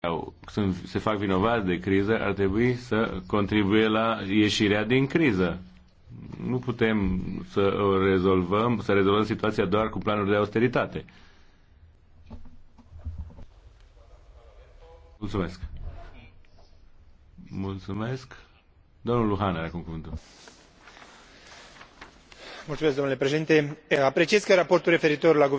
au, sunt, se fac vinovați de criză, ar trebui să contribuie la ieșirea din criză. Nu putem să o rezolvăm, să rezolvăm situația doar cu planuri de austeritate. Mulțumesc. Mulțumesc. Domnul Luhan are acum cuvântul. Mulțumesc, domnule președinte. Apreciez că raportul referitor la guvern